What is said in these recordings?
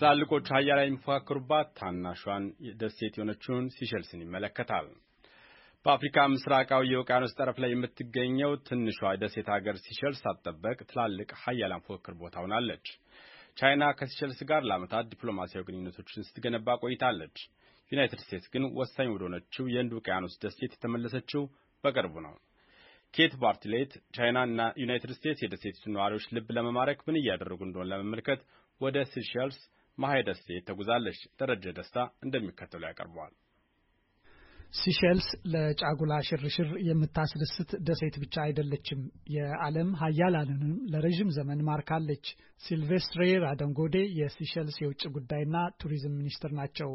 ትላልቆቹ ሀያላን የሚፎካከሩባት ታናሿን ደሴት የሆነችውን ሲሸልስን ይመለከታል። በአፍሪካ ምስራቃዊ የውቅያኖስ ጠረፍ ላይ የምትገኘው ትንሿ ደሴት ሀገር ሲሸልስ ሳትጠበቅ ትላልቅ ሀያላን ፉክክር ቦታ ሆናለች። ቻይና ከሲሸልስ ጋር ለዓመታት ዲፕሎማሲያዊ ግንኙነቶችን ስትገነባ ቆይታለች። ዩናይትድ ስቴትስ ግን ወሳኝ ወደሆነችው የህንድ ውቅያኖስ ደሴት የተመለሰችው በቅርቡ ነው። ኬት ባርትሌት ቻይናና ዩናይትድ ስቴትስ የደሴቱ ነዋሪዎች ልብ ለመማረክ ምን እያደረጉ እንደሆነ ለመመልከት ወደ ሲሸልስ መሐይ ደሴት ተጉዛለች። ደረጀ ደስታ እንደሚከተሉ ያቀርበዋል። ሲሸልስ ለጫጉላ ሽርሽር የምታስደስት ደሴት ብቻ አይደለችም፣ የዓለም ሀያላንንም ለረዥም ዘመን ማርካለች። ሲልቬስትሬ ራደንጎዴ የሲሸልስ የውጭ ጉዳይና ቱሪዝም ሚኒስትር ናቸው።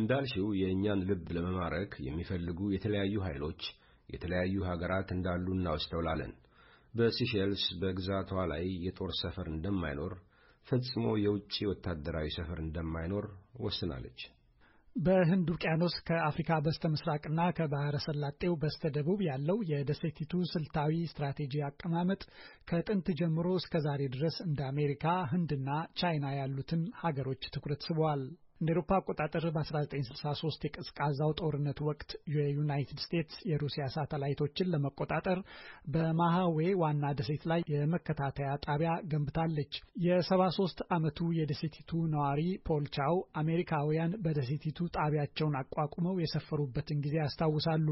እንዳልሽው የእኛን ልብ ለመማረክ የሚፈልጉ የተለያዩ ኃይሎች፣ የተለያዩ ሀገራት እንዳሉ እናስተውላለን። በሲሼልስ በግዛቷ ላይ የጦር ሰፈር እንደማይኖር ፈጽሞ የውጭ ወታደራዊ ሰፈር እንደማይኖር ወስናለች። በህንድ ውቅያኖስ ከአፍሪካ በስተ ምስራቅና ከባህረ ሰላጤው በስተ ደቡብ ያለው የደሴቲቱ ስልታዊ ስትራቴጂ አቀማመጥ ከጥንት ጀምሮ እስከ ዛሬ ድረስ እንደ አሜሪካ፣ ህንድና ቻይና ያሉትን ሀገሮች ትኩረት ስበዋል። እንደ ኤሮፓ አቆጣጠር በ1963 የቀዝቃዛው ጦርነት ወቅት የዩናይትድ ስቴትስ የሩሲያ ሳተላይቶችን ለመቆጣጠር በማሃዌ ዋና ደሴት ላይ የመከታተያ ጣቢያ ገንብታለች። የ73 ዓመቱ የደሴቲቱ ነዋሪ ፖል ቻው አሜሪካውያን በደሴቲቱ ጣቢያቸውን አቋቁመው የሰፈሩበትን ጊዜ ያስታውሳሉ።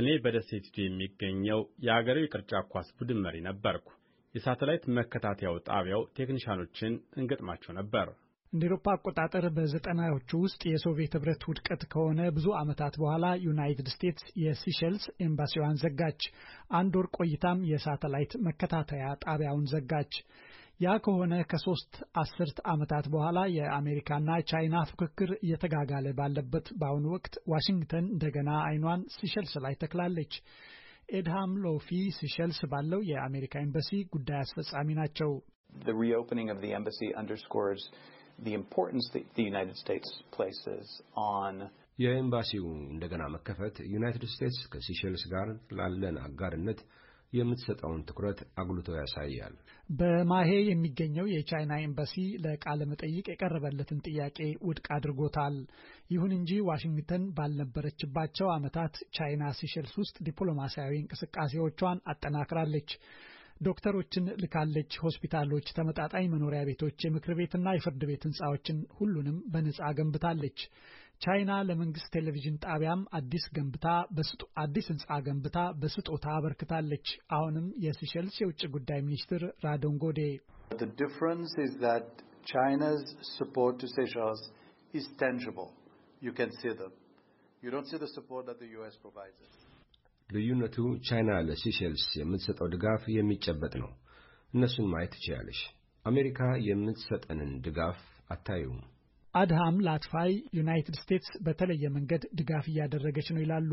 እኔ በደሴቲቱ የሚገኘው የአገሬው የቅርጫት ኳስ ቡድን መሪ ነበርኩ። የሳተላይት መከታተያው ጣቢያው ቴክኒሻኖችን እንገጥማቸው ነበር። እንደ ኤሮፓ አቆጣጠር በዘጠናዎቹ ውስጥ የሶቪየት ህብረት ውድቀት ከሆነ ብዙ ዓመታት በኋላ ዩናይትድ ስቴትስ የሲሸልስ ኤምባሲዋን ዘጋች። አንድ ወር ቆይታም የሳተላይት መከታተያ ጣቢያውን ዘጋች። ያ ከሆነ ከሶስት አስርት ዓመታት በኋላ የአሜሪካና ቻይና ፉክክር እየተጋጋለ ባለበት በአሁኑ ወቅት ዋሽንግተን እንደገና አይኗን ሲሸልስ ላይ ተክላለች። ኤድሃም ሎፊ ሲሸልስ ባለው የአሜሪካ ኤምባሲ ጉዳይ አስፈጻሚ ናቸው። የኤምባሲው እንደገና መከፈት ዩናይትድ ስቴትስ ከሲሸልስ ጋር ላለን አጋርነት የምትሰጠውን ትኩረት አጉልቶ ያሳያል። በማሄ የሚገኘው የቻይና ኤምባሲ ለቃለ መጠይቅ የቀረበለትን ጥያቄ ውድቅ አድርጎታል። ይሁን እንጂ ዋሽንግተን ባልነበረችባቸው ዓመታት ቻይና ሲሸልስ ውስጥ ዲፕሎማሲያዊ እንቅስቃሴዎቿን አጠናክራለች። ዶክተሮችን ልካለች። ሆስፒታሎች፣ ተመጣጣኝ መኖሪያ ቤቶች፣ የምክር ቤትና የፍርድ ቤት ህንፃዎችን ሁሉንም በነጻ ገንብታለች። ቻይና ለመንግስት ቴሌቪዥን ጣቢያም አዲስ ገንብታ አዲስ ህንፃ ገንብታ በስጦታ አበርክታለች። አሁንም የሲሸልስ የውጭ ጉዳይ ሚኒስትር ራዶንጎዴ ልዩነቱ ቻይና ለሲሸልስ የምትሰጠው ድጋፍ የሚጨበጥ ነው። እነሱን ማየት ትችላለሽ። አሜሪካ የምትሰጠንን ድጋፍ አታዩም። አድሃም ላትፋይ ዩናይትድ ስቴትስ በተለየ መንገድ ድጋፍ እያደረገች ነው ይላሉ።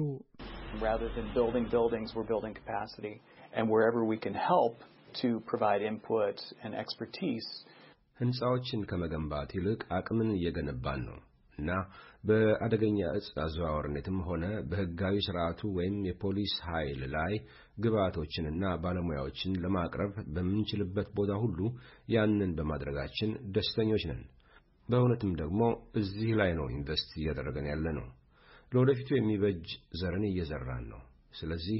ህንፃዎችን ከመገንባት ይልቅ አቅምን እየገነባን ነው እና በአደገኛ እጽ አዘዋወርነትም ሆነ በህጋዊ ስርዓቱ ወይም የፖሊስ ኃይል ላይ ግብዓቶችንና ባለሙያዎችን ለማቅረብ በምንችልበት ቦታ ሁሉ ያንን በማድረጋችን ደስተኞች ነን። በእውነትም ደግሞ እዚህ ላይ ነው ኢንቨስት እያደረገን ያለ ነው። ለወደፊቱ የሚበጅ ዘርን እየዘራን ነው። ስለዚህ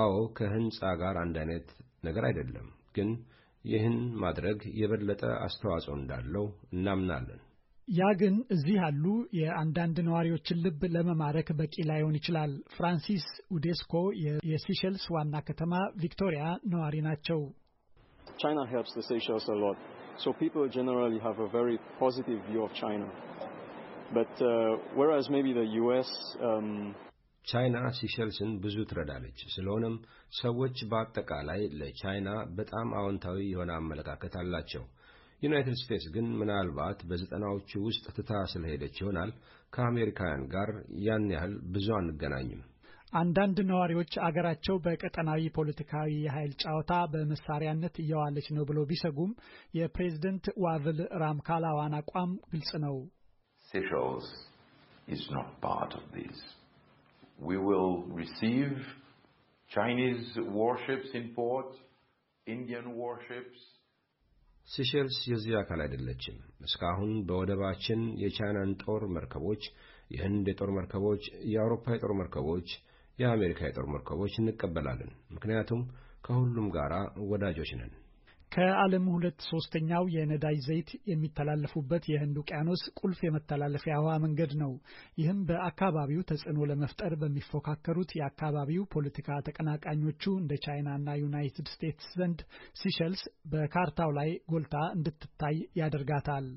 አዎ፣ ከህንፃ ጋር አንድ አይነት ነገር አይደለም፣ ግን ይህን ማድረግ የበለጠ አስተዋጽኦ እንዳለው እናምናለን። ያ ግን እዚህ ያሉ የአንዳንድ ነዋሪዎችን ልብ ለመማረክ በቂ ላይሆን ይችላል። ፍራንሲስ ኡዴስኮ የሲሸልስ ዋና ከተማ ቪክቶሪያ ነዋሪ ናቸው። ቻይና ሄልፕስ ሴሸልስ So people generally have a very positive view of China. But whereas maybe the US ቻይና ሲሸልስን ብዙ ትረዳለች። ስለሆነም ሰዎች በአጠቃላይ ለቻይና በጣም አዎንታዊ የሆነ አመለካከት አላቸው። ዩናይትድ ስቴትስ ግን ምናልባት በዘጠናዎቹ ውስጥ ትታ ስለሄደች ይሆናል ከአሜሪካውያን ጋር ያን ያህል ብዙ አንገናኝም። አንዳንድ ነዋሪዎች አገራቸው በቀጠናዊ ፖለቲካዊ የኃይል ጨዋታ በመሳሪያነት እየዋለች ነው ብሎ ቢሰጉም የፕሬዝደንት ዋቭል ራምካላዋን አቋም ግልጽ ነው። ሲሸልስ የዚህ አካል አይደለችም። እስካሁን በወደባችን የቻይናን ጦር መርከቦች፣ የህንድ የጦር መርከቦች፣ የአውሮፓ የጦር መርከቦች የአሜሪካ የጦር መርከቦች እንቀበላለን፣ ምክንያቱም ከሁሉም ጋር ወዳጆች ነን። ከዓለም ሁለት ሶስተኛው የነዳጅ ዘይት የሚተላለፉበት የህንድ ውቅያኖስ ቁልፍ የመተላለፊያ ውሃ መንገድ ነው። ይህም በአካባቢው ተጽዕኖ ለመፍጠር በሚፎካከሩት የአካባቢው ፖለቲካ ተቀናቃኞቹ እንደ ቻይና እና ዩናይትድ ስቴትስ ዘንድ ሲሸልስ በካርታው ላይ ጎልታ እንድትታይ ያደርጋታል።